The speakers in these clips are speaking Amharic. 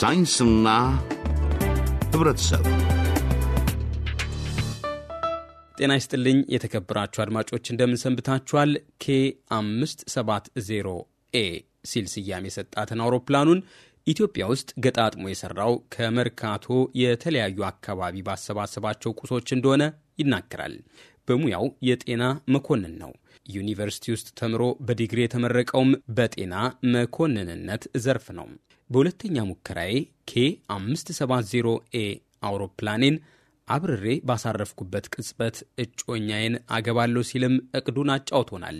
ሳይንስና ህብረተሰብ ጤና ይስጥልኝ የተከበራችሁ አድማጮች እንደምን ሰንብታችኋል። ኬ 570 ኤ ሲል ስያሜ የሰጣትን አውሮፕላኑን ኢትዮጵያ ውስጥ ገጣጥሞ የሰራው ከመርካቶ የተለያዩ አካባቢ ባሰባሰባቸው ቁሶች እንደሆነ ይናገራል። በሙያው የጤና መኮንን ነው። ዩኒቨርሲቲ ውስጥ ተምሮ በዲግሪ የተመረቀውም በጤና መኮንንነት ዘርፍ ነው። በሁለተኛ ሙከራዬ ኬ 570 ኤ አውሮፕላኔን አብርሬ ባሳረፍኩበት ቅጽበት እጮኛዬን አገባለሁ ሲልም እቅዱን አጫውቶናል።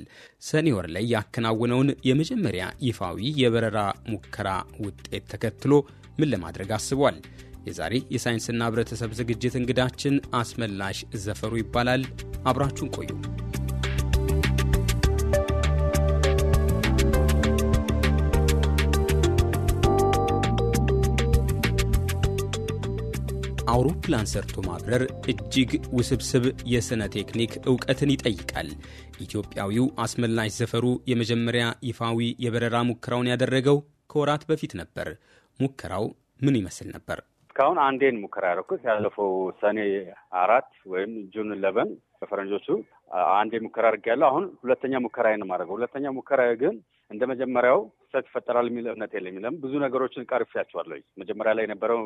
ሰኔ ወር ላይ ያከናወነውን የመጀመሪያ ይፋዊ የበረራ ሙከራ ውጤት ተከትሎ ምን ለማድረግ አስቧል? የዛሬ የሳይንስና ሕብረተሰብ ዝግጅት እንግዳችን አስመላሽ ዘፈሩ ይባላል። አብራችሁን ቆዩ። አውሮፕላን ሰርቶ ማብረር እጅግ ውስብስብ የሥነ ቴክኒክ ዕውቀትን ይጠይቃል። ኢትዮጵያዊው አስመላሽ ዘፈሩ የመጀመሪያ ይፋዊ የበረራ ሙከራውን ያደረገው ከወራት በፊት ነበር። ሙከራው ምን ይመስል ነበር? እስካሁን አንዴን ሙከራ ያደረኩት ያለፈው ሰኔ አራት ወይም ጁን ለበን በፈረንጆቹ አንዴ ሙከራ አድርጌያለሁ። አሁን ሁለተኛ ሙከራ ነው የማደርገው። ሁለተኛ ሙከራ ግን እንደ መጀመሪያው ክፍተት ይፈጠራል የሚል እምነት የለኝም። ብዙ ነገሮችን ቀርፌያቸዋለሁ። መጀመሪያ ላይ የነበረው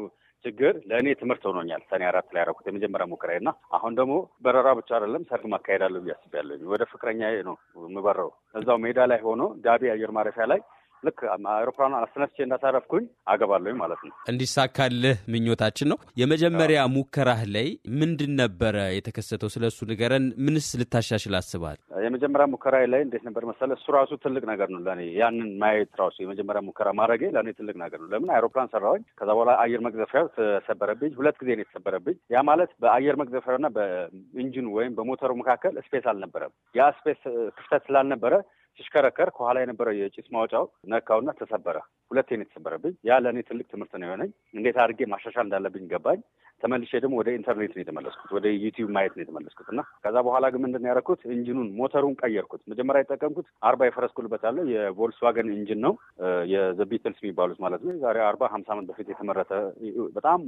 ችግር ለእኔ ትምህርት ሆኖኛል። ሰኔ አራት ላይ ያደረኩት የመጀመሪያ ሙከራዬ እና አሁን ደግሞ በረራ ብቻ አይደለም ሰርግ ማካሄዳለሁ ብዬ አስቤያለሁ። ወደ ፍቅረኛ ነው የምበረው። እዛው ሜዳ ላይ ሆኖ ዳቢ አየር ማረፊያ ላይ ልክ አውሮፕላኑ አስነስቼ እንዳሳረፍኩኝ አገባለሁኝ ማለት ነው። እንዲሳካልህ ምኞታችን ነው። የመጀመሪያ ሙከራህ ላይ ምንድን ነበረ የተከሰተው? ስለ እሱ ንገረን። ምንስ ልታሻሽል አስበሃል? የመጀመሪያ ሙከራ ላይ እንዴት ነበር መሰለህ? እሱ ራሱ ትልቅ ነገር ነው ለእኔ። ያንን ማየት ራሱ የመጀመሪያ ሙከራ ማድረጌ ለእኔ ትልቅ ነገር ነው። ለምን አይሮፕላን ሰራሁኝ። ከዛ በኋላ አየር መቅዘፊያ ተሰበረብኝ። ሁለት ጊዜ ነው የተሰበረብኝ። ያ ማለት በአየር መቅዘፊያውና በኢንጂኑ ወይም በሞተሩ መካከል ስፔስ አልነበረም። ያ ስፔስ ክፍተት ስላልነበረ ሲሽከረከር ከኋላ የነበረው የጭስ ማውጫው ነካውና ተሰበረ። ሁለቴ ነው የተሰበረብኝ። ያ ለእኔ ትልቅ ትምህርት ነው የሆነኝ። እንዴት አድርጌ ማሻሻል እንዳለብኝ ገባኝ። ተመልሼ ደግሞ ወደ ኢንተርኔት ነው የተመለስኩት፣ ወደ ዩቲዩብ ማየት ነው የተመለስኩት እና ከዛ በኋላ ግን ምንድን ነው ያደረኩት? ኢንጂኑን ሞተሩን ቀየርኩት። መጀመሪያ የጠቀምኩት አርባ የፈረስ ጉልበት ያለው የቮልክስዋገን ኢንጂን ነው የዘቢትልስ የሚባሉት ማለት ነው። ዛሬ አርባ ሀምሳ ዓመት በፊት የተመረተ በጣም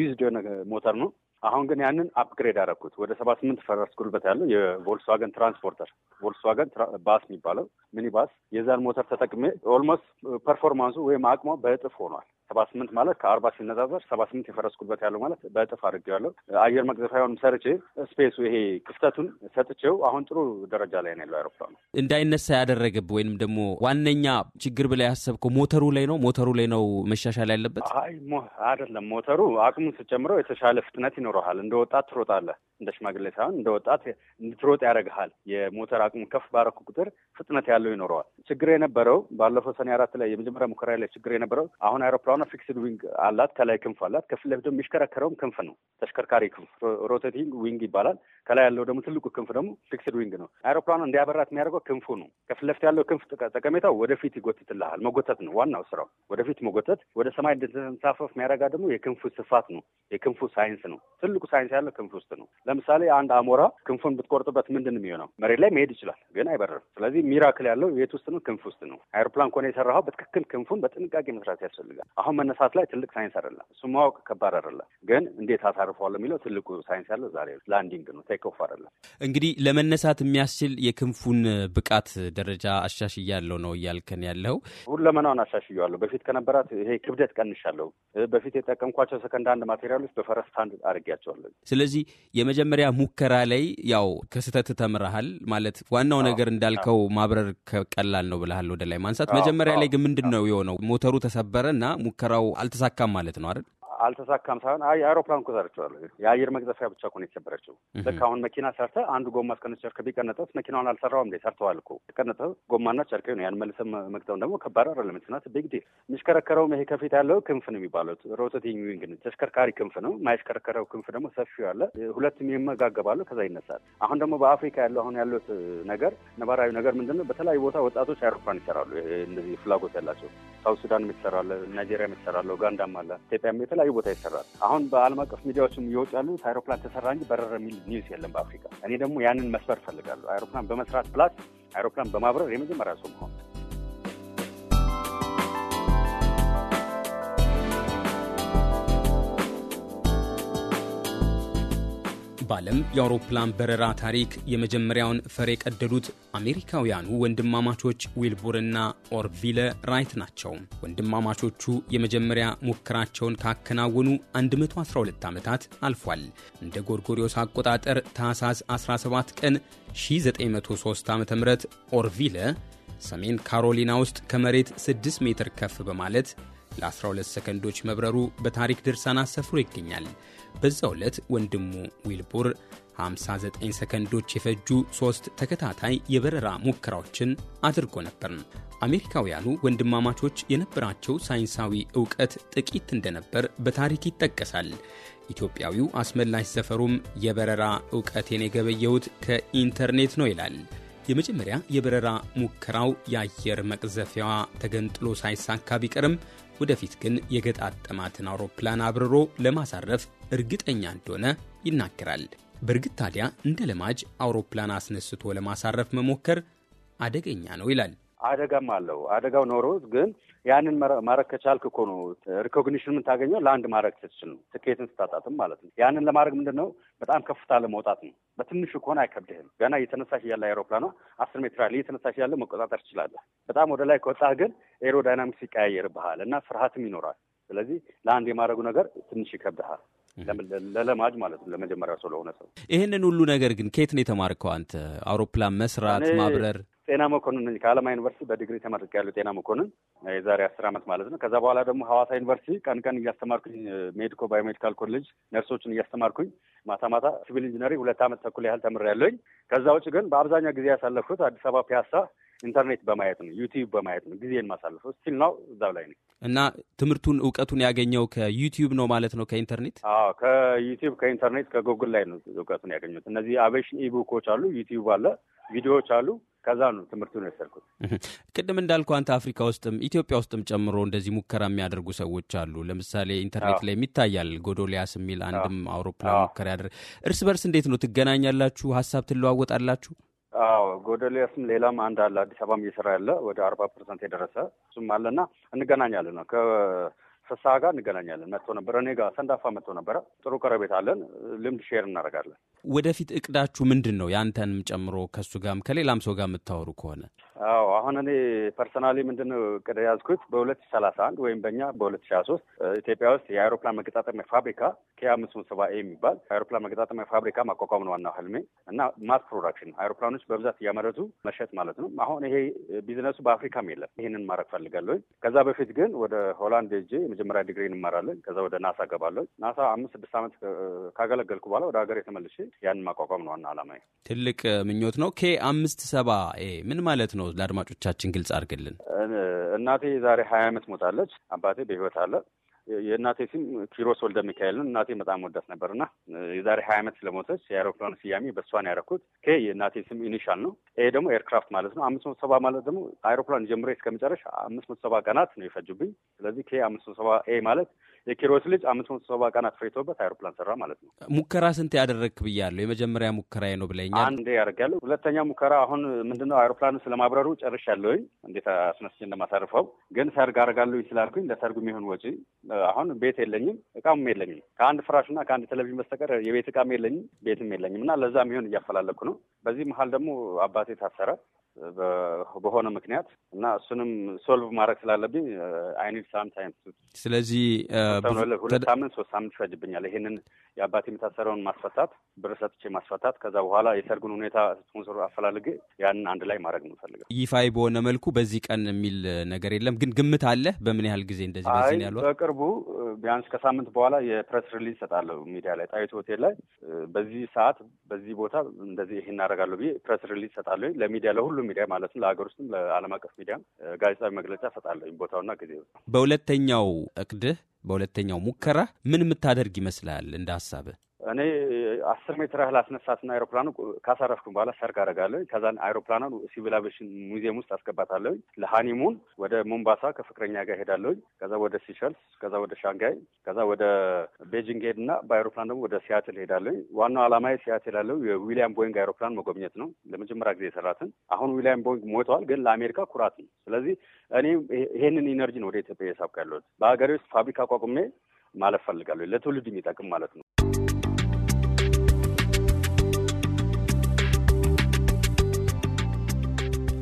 ዩዝድ የሆነ ሞተር ነው። አሁን ግን ያንን አፕግሬድ አደረኩት። ወደ ሰባ ስምንት ፈረስ ጉልበት ያለው የቮልክስዋገን ትራንስፖርተር ቮልክስዋገን ባስ የሚባለው ሚኒባስ የዛን ሞተር ተጠቅሜ ኦልሞስት ፐርፎርማንሱ ወይም አቅሟ በእጥፍ ሆኗል። ሰባ ስምንት ማለት ከአርባ ሲነጻጸር ሰባ ስምንት የፈረስ ጉልበት ያለው ማለት በእጥፍ አድርጌዋለሁ። አየር መቅዘፊያውን ሰርቼ ስፔሱ ይሄ ክፍተቱን ሰጥቼው አሁን ጥሩ ደረጃ ላይ ነው ያለው አይሮፕላኑ። እንዳይነሳ ያደረገብ ወይንም ደግሞ ዋነኛ ችግር ብላይ ያሰብከው ሞተሩ ላይ ነው ሞተሩ ላይ ነው መሻሻል ያለበት አይደለም። ሞተሩ አቅሙን ስጨምረው የተሻለ ፍጥነት ይኖረሃል። እንደ ወጣት ትሮጣለህ። እንደ ሽማግሌ ሳይሆን እንደ ወጣት እንድትሮጥ ያደርግሃል። የሞተር አቅሙ ከፍ ባረኩ ቁጥር ፍጥነት ያለው ይኖረዋል። ችግር የነበረው ባለፈው ሰኔ አራት ላይ የመጀመሪያ ሙከራ ላይ ችግር የነበረው አሁን አይሮፕላኑ የሆነ ፊክስድ ዊንግ አላት፣ ከላይ ክንፍ አላት። ከፊት ለፊት ደግሞ የሚሽከረከረውም ክንፍ ነው፣ ተሽከርካሪ ክንፍ ሮቴቲንግ ዊንግ ይባላል። ከላይ ያለው ደግሞ ትልቁ ክንፍ ደግሞ ፊክስድ ዊንግ ነው። አይሮፕላኑ እንዲያበራት የሚያደርገው ክንፉ ነው። ከፊት ለፊት ያለው ክንፍ ጠቀሜታው ወደፊት ይጎትትልሃል፣ መጎተት ነው ዋናው ስራው፣ ወደፊት መጎተት። ወደ ሰማይ እንድትንሳፈፍ የሚያደርጋ ደግሞ የክንፉ ስፋት ነው፣ የክንፉ ሳይንስ ነው። ትልቁ ሳይንስ ያለው ክንፍ ውስጥ ነው። ለምሳሌ አንድ አሞራ ክንፉን ብትቆርጥበት ምንድን ነው የሚሆነው? መሬት ላይ መሄድ ይችላል፣ ግን አይበርም። ስለዚህ ሚራክል ያለው የት ውስጥ ነው? ክንፍ ውስጥ ነው። አይሮፕላን ከሆነ የሰራኸው በትክክል ክንፉን በጥንቃቄ መስራት ያስፈልጋል። አሁን መነሳት ላይ ትልቅ ሳይንስ አይደለም። እሱ ማወቅ ከባድ አይደለም፣ ግን እንዴት አሳርፈዋል የሚለው ትልቁ ሳይንስ ያለ ዛሬ ላንዲንግ ነው፣ ቴክ ኦፍ አይደለም። እንግዲህ ለመነሳት የሚያስችል የክንፉን ብቃት ደረጃ አሻሽያለሁ ነው እያልከን ያለው። ሁለመናውን አሻሽያለሁ። በፊት ከነበራት ይሄ ክብደት ቀንሻለሁ። በፊት የጠቀምኳቸው ሰከንድ አንድ ማቴሪያሎች በፈረስ ታንድ አድርጌያቸዋለሁ። ስለዚህ የመጀመሪያ ሙከራ ላይ ያው ከስህተት ተምረሃል ማለት ዋናው ነገር እንዳልከው ማብረር ቀላል ነው ብለሃል፣ ወደ ላይ ማንሳት። መጀመሪያ ላይ ግን ምንድን ነው የሆነው? ሞተሩ ተሰበረ እና ሙከራው አልተሳካም ማለት ነው አይደል? አልተሳካም ሳይሆን አይ አውሮፕላን እኮ ሰርቼዋለሁ የአየር መቅዘፊያ ብቻ እኮ ነው የተሰበረችው። ልክ አሁን መኪና ሰርተ አንዱ ጎማ እስከነ ጨርክ ቢቀነጠስ መኪናውን አልሰራውም እንዴ? ሰርተዋል እኮ የቀነጠ ጎማና ጨርቅ ነው። ያን መልሰ መግጠም ደግሞ ከባድ አይደለም። ትናት ቢግ ዲል የሚሽከረከረውም ይሄ ከፊት ያለው ክንፍ ነው የሚባሉት ሮቴቲንግ ዊንግ ተሽከርካሪ ክንፍ ነው። የማይሽከረከረው ክንፍ ደግሞ ሰፊው ያለ ሁለቱም ይመጋገባሉ። ከዛ ይነሳል። አሁን ደግሞ በአፍሪካ ያለው አሁን ያሉት ነገር ነባራዊ ነገር ምንድን ነው? በተለያዩ ቦታ ወጣቶች አይሮፕላን ይሰራሉ። እንደዚህ ፍላጎት ያላቸው ሳውት ሱዳን የሚሰራለ፣ ናይጄሪያ የሚሰራለ፣ ኡጋንዳም አለ ኢትዮጵያም የተለያዩ በተለያዩ ቦታ ይሰራል። አሁን በዓለም አቀፍ ሚዲያዎችም እየወጡ ያሉት አይሮፕላን ተሰራ እንጂ በረረ የሚል ኒውስ የለም በአፍሪካ። እኔ ደግሞ ያንን መስበር እፈልጋለሁ። አይሮፕላን በመስራት ፕላስ አይሮፕላን በማብረር የመጀመሪያ ሰው መሆን በዓለም የአውሮፕላን በረራ ታሪክ የመጀመሪያውን ፈር የቀደዱት አሜሪካውያኑ ወንድማማቾች ዊልቡርና ኦርቪለ ራይት ናቸው። ወንድማማቾቹ የመጀመሪያ ሙከራቸውን ካከናወኑ 112 ዓመታት አልፏል። እንደ ጎርጎሪዮስ አቆጣጠር ታህሳስ 17 ቀን 1903 ዓ ም ኦርቪለ ሰሜን ካሮሊና ውስጥ ከመሬት 6 ሜትር ከፍ በማለት ለ12 ሰከንዶች መብረሩ በታሪክ ድርሳናት ሰፍሮ ይገኛል። በዛው ዕለት ወንድሙ ዊልቡር 59 ሰከንዶች የፈጁ ሦስት ተከታታይ የበረራ ሙከራዎችን አድርጎ ነበር። አሜሪካውያኑ ወንድማማቾች የነበራቸው ሳይንሳዊ ዕውቀት ጥቂት እንደነበር በታሪክ ይጠቀሳል። ኢትዮጵያዊው አስመላሽ ዘፈሩም የበረራ ዕውቀቴን የገበየሁት ከኢንተርኔት ነው ይላል። የመጀመሪያ የበረራ ሙከራው የአየር መቅዘፊያዋ ተገንጥሎ ሳይሳካ ቢቀርም ወደፊት ግን የገጣጠማትን አውሮፕላን አብርሮ ለማሳረፍ እርግጠኛ እንደሆነ ይናገራል። በእርግጥ ታዲያ እንደ ለማጅ አውሮፕላን አስነስቶ ለማሳረፍ መሞከር አደገኛ ነው ይላል። አደጋም አለው። አደጋው ኖሮ ግን ያንን ማድረግ ከቻልክ እኮ ነው ሪኮግኒሽን የምታገኘው ለአንድ ማድረግ ስትችል ነው፣ ስኬትን ስታጣጥም ማለት ነው። ያንን ለማድረግ ምንድን ነው በጣም ከፍታ ለመውጣት ነው። በትንሹ ከሆነ አይከብድህም። ገና እየተነሳሽ ያለ አይሮፕላኗ አስር ሜትር ያለ እየተነሳሽ ያለ መቆጣጠር ትችላለህ። በጣም ወደ ላይ ከወጣህ ግን ኤሮዳይናሚክስ ይቀያየርብሃል እና ፍርሃትም ይኖራል። ስለዚህ ለአንድ የማድረጉ ነገር ትንሽ ይከብድሃል። ለለማጅ ማለት ነው ለመጀመሪያ ሰው ለሆነ ሰው። ይህንን ሁሉ ነገር ግን ከየት ነው የተማርከው አንተ? አውሮፕላን መስራት ማብረር ጤና መኮንን ነኝ። ከአለማ ዩኒቨርሲቲ በዲግሪ ተመርቅ ያሉ ጤና መኮንን የዛሬ አስር ዓመት ማለት ነው። ከዛ በኋላ ደግሞ ሀዋሳ ዩኒቨርሲቲ ቀን ቀን እያስተማርኩኝ ሜዲኮ ባዮሜዲካል ኮሌጅ ነርሶችን እያስተማርኩኝ ማታ ማታ ሲቪል ኢንጂነሪንግ ሁለት ዓመት ተኩል ያህል ተምሬያለሁኝ። ከዛ ውጭ ግን በአብዛኛው ጊዜ ያሳለፍኩት አዲስ አበባ ፒያሳ ኢንተርኔት በማየት ነው፣ ዩቲዩብ በማየት ነው ጊዜን ማሳለፈው። ስቲል ነው እዛው ላይ ነው እና ትምህርቱን እውቀቱን ያገኘው ከዩቲዩብ ነው ማለት ነው። ከኢንተርኔት አዎ፣ ከዩቲዩብ ከኢንተርኔት ከጎግል ላይ ነው እውቀቱን ያገኘሁት። እነዚህ አቬሽን ኢቡኮች አሉ፣ ዩቲዩብ አለ፣ ቪዲዮዎች አሉ ከዛ ነው ትምህርቱን የወሰድኩት። ቅድም እንዳልኩ አንተ አፍሪካ ውስጥም ኢትዮጵያ ውስጥም ጨምሮ እንደዚህ ሙከራ የሚያደርጉ ሰዎች አሉ። ለምሳሌ ኢንተርኔት ላይ ይታያል። ጎዶሊያስ የሚል አንድም አውሮፕላን ሙከራ ያደር እርስ በርስ እንዴት ነው ትገናኛላችሁ? ሀሳብ ትለዋወጣላችሁ? አዎ ጎዶሊያስም ሌላም አንድ አለ አዲስ አበባም እየሰራ ያለ ወደ አርባ ፐርሰንት የደረሰ እሱም አለና እንገናኛለን ነው ፍስሀ ጋር እንገናኛለን። መጥቶ ነበረ፣ እኔ ጋር ሰንዳፋ መጥቶ ነበረ። ጥሩ ቀረቤት አለን። ልምድ ሼር እናደርጋለን። ወደፊት እቅዳችሁ ምንድን ነው? ያንተንም ጨምሮ ከሱ ጋርም ከሌላም ሰው ጋር የምታወሩ ከሆነ አዎ አሁን እኔ ፐርሰናሊ ምንድነው ቅድ ያዝኩት በሁለት ሺ ሰላሳ አንድ ወይም በእኛ በሁለት ሺ ሀያ ሶስት ኢትዮጵያ ውስጥ የአውሮፕላን መገጣጠሚያ ፋብሪካ ኬያ አምስት መቶ ሰባ ኤ የሚባል አይሮፕላን መገጣጠሚያ ፋብሪካ ማቋቋም ነው ዋናው ህልሜ እና ማስ ፕሮዳክሽን አይሮፕላኖች በብዛት እያመረቱ መሸጥ ማለት ነው። አሁን ይሄ ቢዝነሱ በአፍሪካም የለም። ይህንን ማድረግ ፈልጋለሁ። ከዛ በፊት ግን ወደ ሆላንድ ሄጄ የመጀመሪያ ዲግሪ እንማራለን። ከዛ ወደ ናሳ ገባለሁ። ናሳ አምስት ስድስት ዓመት ካገለገልኩ በኋላ ወደ ሀገር የተመልሼ ያንን ማቋቋም ነው ዋና አላማ። ትልቅ ምኞት ነው። ኬ አምስት ሰባ ኤ ምን ማለት ነው? ለአድማጮቻችን ግልጽ አድርግልን። እናቴ ዛሬ ሀያ ዓመት ሞታለች። አባቴ በህይወት አለ። የእናቴ ስም ኪሮስ ወልደ ሚካኤል ነው። እናቴ በጣም ወዳት ነበርና የዛሬ ሀያ ዓመት ስለሞተች የአይሮፕላኑ ስያሜ በእሷን ያደረኩት። ኬ የእናቴ ስም ኢኒሻል ነው። ኤ ደግሞ ኤርክራፍት ማለት ነው። አምስት መቶ ሰባ ማለት ደግሞ አይሮፕላን ጀምሬ እስከመጨረሻ አምስት መቶ ሰባ ቀናት ነው የፈጁብኝ። ስለዚህ ኬ አምስት መቶ ሰባ ኤ ማለት የኪሮስ ልጅ አምስት መቶ ሰባ ቀናት ፈጅቶበት አይሮፕላን ሰራ ማለት ነው። ሙከራ ስንት ያደረግክ ብያለሁ። የመጀመሪያ ሙከራ ነው ብለኛል። አንዴ ያደርጋለሁ። ሁለተኛ ሙከራ አሁን ምንድነው አይሮፕላን ስለማብረሩ ጨርሻለሁኝ። እንዴት አስነስቼ እንደማሳርፈው ግን ሰርግ አደርጋለሁ ስላልኩኝ ለሰርጉ የሚሆን ወጪ አሁን ቤት የለኝም፣ እቃም የለኝም። ከአንድ ፍራሽና ከአንድ ቴሌቪዥን በስተቀር የቤት እቃም የለኝም፣ ቤትም የለኝም እና ለዛ የሚሆን እያፈላለኩ ነው። በዚህ መሀል ደግሞ አባቴ ታሰረ። በሆነ ምክንያት እና እሱንም ሶልቭ ማድረግ ስላለብኝ አይኒድ ሳም ታይም። ስለዚህ ሁለት ሳምንት ሶስት ሳምንት ይፈጅብኛል። ይሄንን የአባቴ የታሰረውን ማስፈታት ብር ሰጥቼ ማስፈታት፣ ከዛ በኋላ የሰርጉን ሁኔታ ስፖንሰሩ አፈላልግ ያንን አንድ ላይ ማድረግ ነው ፈልገው። ይፋይ በሆነ መልኩ በዚህ ቀን የሚል ነገር የለም፣ ግን ግምት አለ። በምን ያህል ጊዜ እንደዚህ በዚህ ያሉ በቅርቡ ቢያንስ ከሳምንት በኋላ የፕሬስ ሪሊዝ ይሰጣለሁ ሚዲያ ላይ ጣይቱ ሆቴል ላይ በዚህ ሰዓት በዚህ ቦታ እንደዚህ ይሄ እናደርጋለሁ ብዬ ፕሬስ ሪሊዝ እሰጣለሁ ለሚዲያ ለሁሉም ሚዲያ ማለት ነው ለሀገር ውስጥም ለዓለም አቀፍ ሚዲያም ጋዜጣዊ መግለጫ እሰጣለሁ ቦታውና ጊዜ። በሁለተኛው እቅድህ በሁለተኛው ሙከራ ምን የምታደርግ ይመስላል እንደ ሀሳብህ? እኔ አስር ሜትር ያህል አስነሳትና አይሮፕላኑ ካሳረፍኩም በኋላ ሰርግ አደርጋለሁ። ከዛን አይሮፕላኑ ሲቪል አቪዬሽን ሙዚየም ውስጥ አስገባታለሁ። ለሃኒሙን ወደ ሞምባሳ ከፍቅረኛ ጋር ሄዳለሁ። ከዛ ወደ ሲሸልስ፣ ከዛ ወደ ሻንጋይ፣ ከዛ ወደ ቤጂንግ ሄድና በአይሮፕላን ደግሞ ወደ ሲያትል ሄዳለሁ። ዋናው ዓላማ ሲያትል ያለው የዊሊያም ቦይንግ አይሮፕላን መጎብኘት ነው። ለመጀመሪያ ጊዜ የሰራትን። አሁን ዊሊያም ቦይንግ ሞተዋል፣ ግን ለአሜሪካ ኩራት ነው። ስለዚህ እኔ ይሄንን ኢነርጂ ነው ወደ ኢትዮጵያ እየሳብኩ ያለሁት። በሀገሬ ውስጥ ፋብሪካ አቋቁሜ ማለፍ ፈልጋለሁ። ለትውልድ የሚጠቅም ማለት ነው።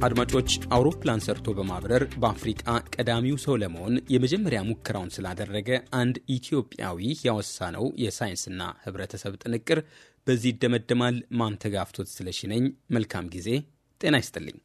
አድማጮች አውሮፕላን ሰርቶ በማብረር በአፍሪቃ ቀዳሚው ሰው ለመሆን የመጀመሪያ ሙከራውን ስላደረገ አንድ ኢትዮጵያዊ ነው የሳይንስና ህብረተሰብ ጥንቅር በዚህ ይደመደማል። ማንተጋፍቶት ስለሺ ነኝ። መልካም ጊዜ። ጤና ይስጥልኝ።